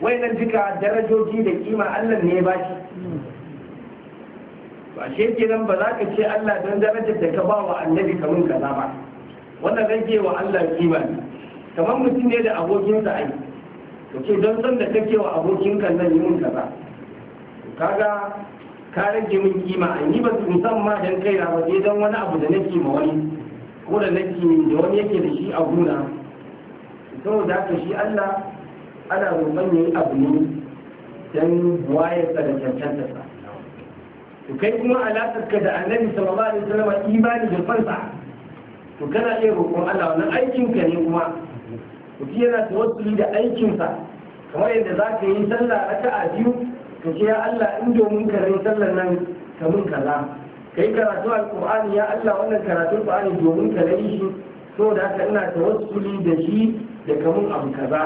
nan duka darajoji da kima Allah ne ba shi ba shi nan ba za ka ce Allah don darajar da ka ba wa annabi kamun kaza ba wannan rage wa Allah kima ne kamar mutum ne da abokinsa ai to ke don son da kake wa abokinka nan yi mun kaza kaga ka rage min kima an yi ba musamman don kai ba sai don wani abu da nake ma wani ko da nake da wani yake da shi a gona da ka shi Allah ana roman yayi abu ne dan wayarsa da sa to kai kuma ka da annabi sallallahu alaihi wasallam imani da fansa to kana iya roƙon Allah wannan aikin ka ne kuma mutum yana tawassuli da aikinsa kamar yadda za ka yi sallah raka'a biyu ka ce ya Allah in domin ka rai sallar nan ka mun kaza kai karatu alkur'ani ya Allah wannan karatun alkur'ani domin ka nayi shi saboda haka ina tawassuli da shi da kamun abu kaza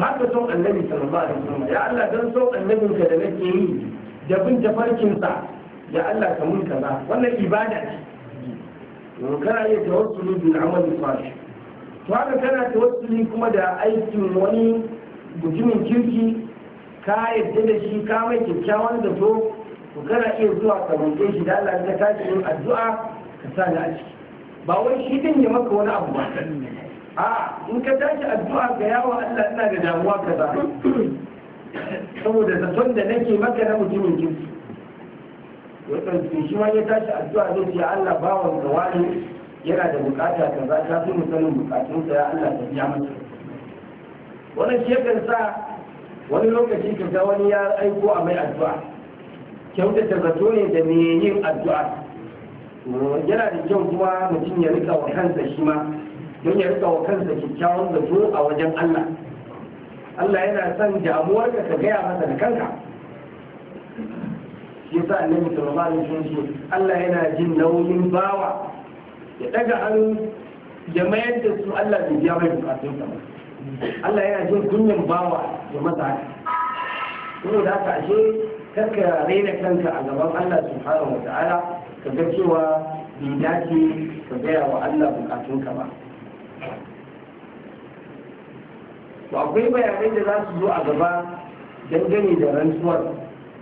haka son annabi sallallahu alaihi wasallam ya Allah dan son annabin ka da nake yi da bin tafarkin sa ya Allah kamun kaza wannan ibada ce to kana iya tawassuli bil amali salih to haka kana tawassuli kuma da aikin wani mutumin kirki ka yadda da shi ka mai kyakkyawan da to to kana iya zuwa ka roƙe shi da Allah ka tashi yin addu'a ka sa ni a ciki ba wai shi din ya maka wani abu ba a in ka tashi addu'a ga yawo Allah ina da damuwa ka ba saboda zaton da nake maka na mutumin kinsu, ya ɗauke shi ma ya tashi addu'a zai ce Allah bawan ka wani yana da bukata kaza ta fi musanin bukatunsa ya Allah ta biya masa wannan shi yakan sa wani lokaci ka ga wani ya aiko a mai addu'a ta zato ne da mai yin addu'a yana da kyau kuma mutum ya rika wa kansa shi ma don ya rika wa kansa kyakkyawan zato a wajen Allah Allah yana son damuwar ka gaya masa da kanka shi yasa annabi sallallahu alaihi wasallam Allah yana jin nauyin bawa ya daga hannu ya mayar da su Allah bai biya mai bukatun ba Allah yana jin kunyan bawa ya masa haka saboda haka ashe kaka raina kanka a gaban Allah subhanahu wa ta'ala ka ga cewa bai dace ka gaya wa Allah bukatunka ba ba akwai bayanai da za su zo a gaba dangane da rantsuwar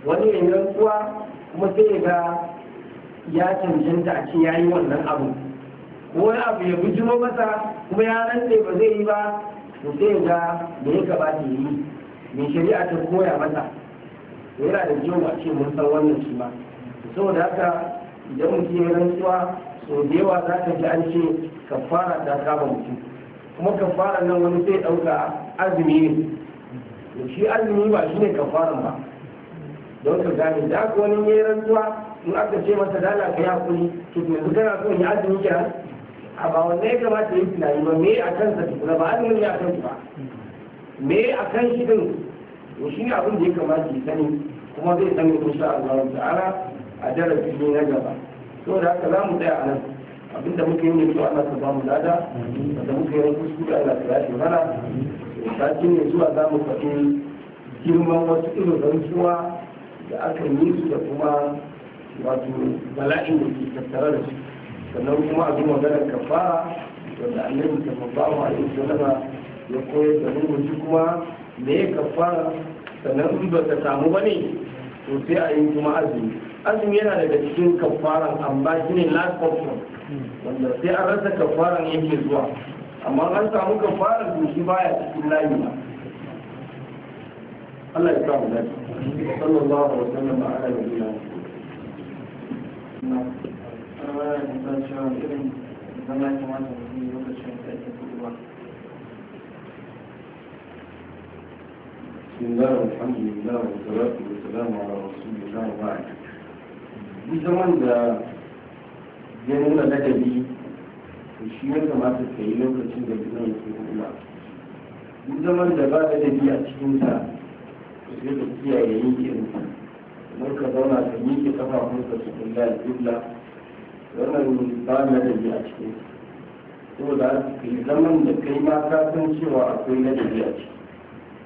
wani yin rantsuwa kuma sai ga ya cancanta a ce ya yi wannan abu ko wani abu ya bujiro masa kuma ya rantse ba zai yi ba to sai ga da ya gabata yi mai shari'a ta koya masa yana da kyau a ce mun san wannan shi ma saboda haka idan mutum ya rantsuwa sau da yawa za ka ji an ce kafara ta kama mutum kuma kafara nan wani sai ɗauka azumi ne shi azumi ba shi ne kafaran ba don ka gane da aka wani ya rantsuwa in aka ce masa dala ka kuli to yanzu kana so ya azumi kira a ba wanne ya kamata ya yi tunani ba me a kansa tukuna ba azumin ya kansa ba me a kan shi din to shi abin da ya kamata ya sani kuma zai kusa a Allah ta'ala a darasi ne na gaba da haka za mu tsaya a nan abinda muka yi ne to ta ba lada da muka yi kuskure Allah ta yafe mana sati ne zuwa za mu faɗi girman wasu irin rantsuwa da aka yi su da kuma wato bala'in da ke tattare da su sannan kuma a zuwa maganar kafara wanda annabi sallallahu alaihi wasallam ya koyar da murmushi kuma da ya kafara sannan in ba ta samu ba ne to sai a yi kuma azumi azumi yana daga cikin kafaran amma shi ne last option wanda sai an rasa kafaran yake zuwa amma an samu kafaran to shi baya cikin layi ba Allah ya sa mu dace sallallahu alaihi wasallam ala nabiyina na ana da cewa irin zama kamata mu بسم الله والحمد لله والصلاة والسلام على رسول الله da ya nuna ladabi to shi ya kamata ka yi lokacin da gidan zaman da ba a kiyaye ka ka da ba ladabi a cikin ka yi zaman da kai ma cewa akwai ladabi a ciki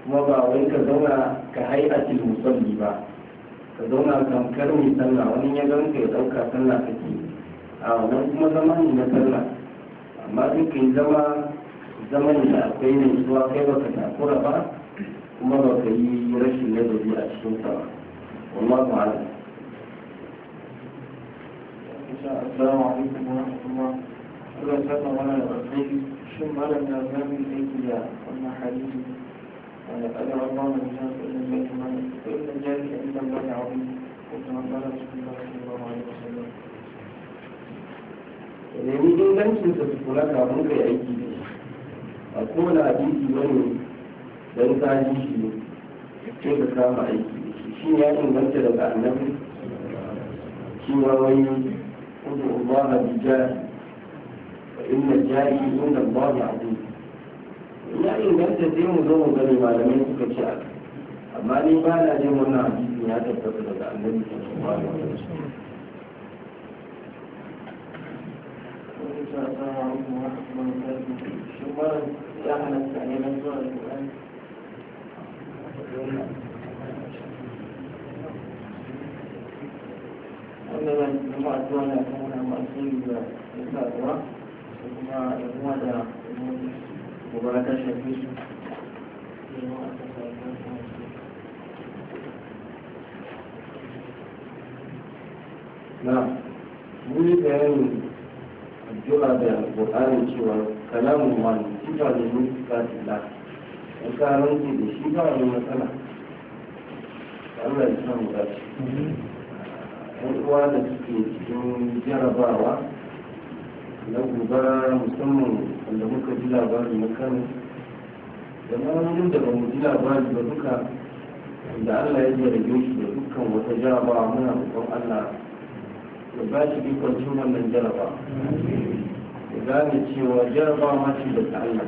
kuma ba wai ka zauna ka hai'atil musalli ba ka zauna tamkar mai sallah wani ya gan ka ya ɗauka sallah kake a wannan kuma zama ne na sallah amma duk kai zama zaman da akwai ne zuwa kai baka takura ba kuma ba ka yi rashin ladabi a cikin sa ba wallahu a'lam assalamu alaikum wa rahmatullah Allah ya saka mana da alkhairi shin malam na zami aiki da wannan hadisi ولقد عظم عند الله عظيم nemi ingancin kula kafin kai aiki ne a kowane hadisi bane dan ka ji shi ne ka kama aiki da shi ya inganta daga annabi shi wani kudu Allah bi jari inna jari inda Allah ya inganta sai mu zo mu gani malamai suka ce a amma ni ba na jin wannan hadisi ya tabbata daga annabi sallallahu alaihi wasallam السلام عليكم ورحمة الله وبركاته شكرا يا أهلا وسهلا بكم القرآن wanda zama a zuwa da kuma na masu yi da ya sa kuma da kuma da kuma na tashi su addu'a da alƙur'ani cewa kalamun wani sifa ne mun kafi la in ka ranke da shi ba wani matsala Allah ya samu dace. ‘Yan uwa da suke cikin jarabawa na gobara musamman wanda muka ji labari na kano da ma'amalin da ba mu ji labari ba duka da allah ya rage shi da dukkan wata jaraba muna roƙon allah ya ba shi ikon cin wannan jaraba ya gane cewa jaraba ma shi da allah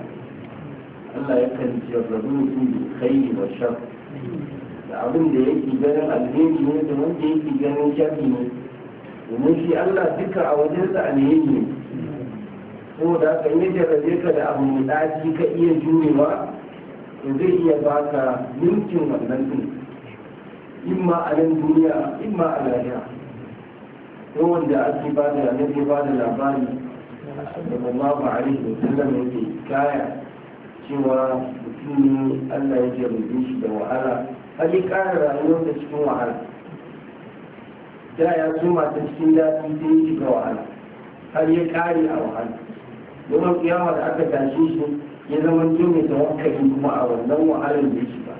allah ya kan jarrabu mutum da kai wa shan. da abin da yake ganin alheri ne da wanda yake ganin shafi ne domin shi allah duka a wajen sa alheri ne saboda da aka ya jarrabe ka da abu mai ɗaci ka iya jurewa to zai iya baka yankin wannan din imma a nan duniya imma a lahira ko wanda ake ba da annabi ba da labari sallallahu alaihi wa sallam yake kaya cewa mutum ne Allah ya jarrabe shi da wahala har ya ƙara da cikin wahala da ya suma ta cikin daɗi sai ya shiga wahala har ya ƙare a wahala yawan kiyama da aka tashe shi ya zama to da wakali kuma a wannan wahalar da shi ba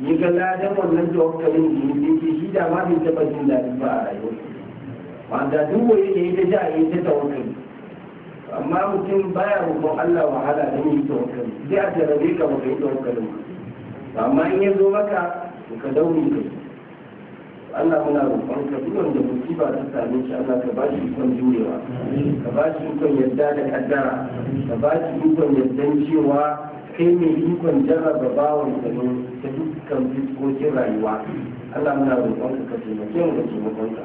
yi ga ladan wannan tawakkalin da ya ce shi da ma bai taba jin daɗi ba a rayuwa wanda duk wani da ta ja yi ta tawakkali amma mutum baya roƙon Allah wahala don yi tawakkali sai a jarabe ka baka yi tawakkalin ba amma in ya zo maka ka daure kai Allah muna roƙon ka duk wanda musiba ta same shi Allah ka ba shi ikon jurewa ka ba shi ikon yadda da kaddara ka ba shi ikon yadda cewa kai ne ikon jarraba bawon ka ne ta dukkan fiskokin rayuwa Allah muna roƙon ka ka taimake mu da taimakon ka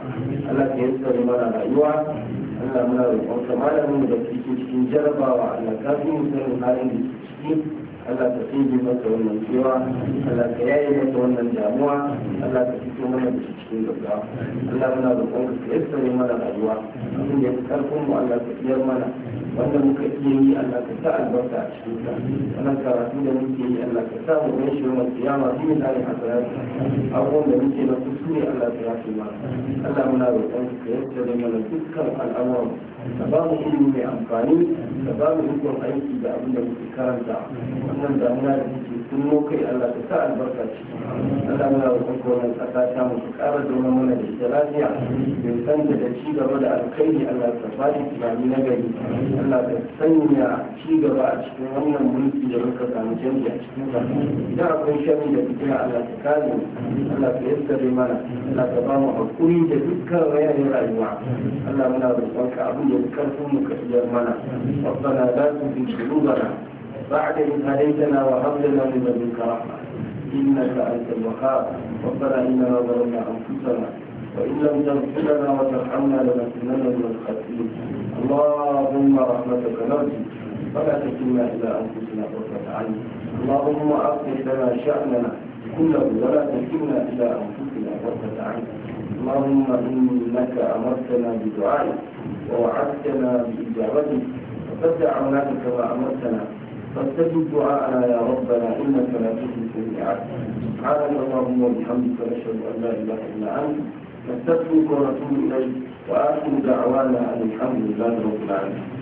Allah ka yassare mara rayuwa Allah muna roƙon malamin da cikin jarabawa jarrabawa Allah ka fi mu sanin halin da ciki Allah ka tsige mata wannan cewa Allah ka yaye mata wannan damuwa Allah ka fito mana da cikin gaggawa Allah muna roƙon ka ka yassare mana rayuwa abin da ya karfin mu Allah ka tsiyar mana wanda muka iya yi Allah ka sa albarka a cikin ka wannan karatu da muke yi Allah ka sa mu gaishe wa kiyama bi min alhasanat abubuwan da muke na kusa su ne Allah ya rafe ma Allah muna roƙon ka yassare mana dukkan al'amuran ka ba mu ilimi mai amfani ka ba mu ikon aiki da abin da muke karanta wannan damuna da muke kunno kai Allah ka sa albarka ci Allah muna roƙon ka wannan ƙasa ta mu ka ƙara zama mana da ita lafiya da sanda da ci gaba da alkhairi Allah ta ba da tunani na gari Allah ka sanya ci gaba a cikin wannan mulki da muka samu canji a cikin sa idan akwai shari da fitina Allah ta kare Allah ka yassare mana Allah ka ba mu hakuri da dukkan rayayen rayuwa Allah muna roƙonka abin da karfin mu ka mana ربنا لا تزغ بعد إذ هديتنا وهب لنا من لدنك رحمة إنك أنت الوهاب ربنا إننا ظلمنا أنفسنا وإن لم تغفر لنا وترحمنا لنكونن من الخاسرين اللهم رحمتك نرجو فلا تكلنا إلى أنفسنا قرة عين اللهم أصلح لنا شأننا كله ولا تكلنا إلى أنفسنا طرفة عين اللهم إنك أمرتنا بدعائك ووعدتنا بإجابتك وقد دعوناك كما أمرتنا فاستجب دعاءنا يا ربنا إنك لا تخلف الميعاد سبحانك اللهم وبحمدك نشهد أن لا إله إلا أنت نستغفرك ونتوب إليك وآخر دعوانا أن الحمد لله رب العالمين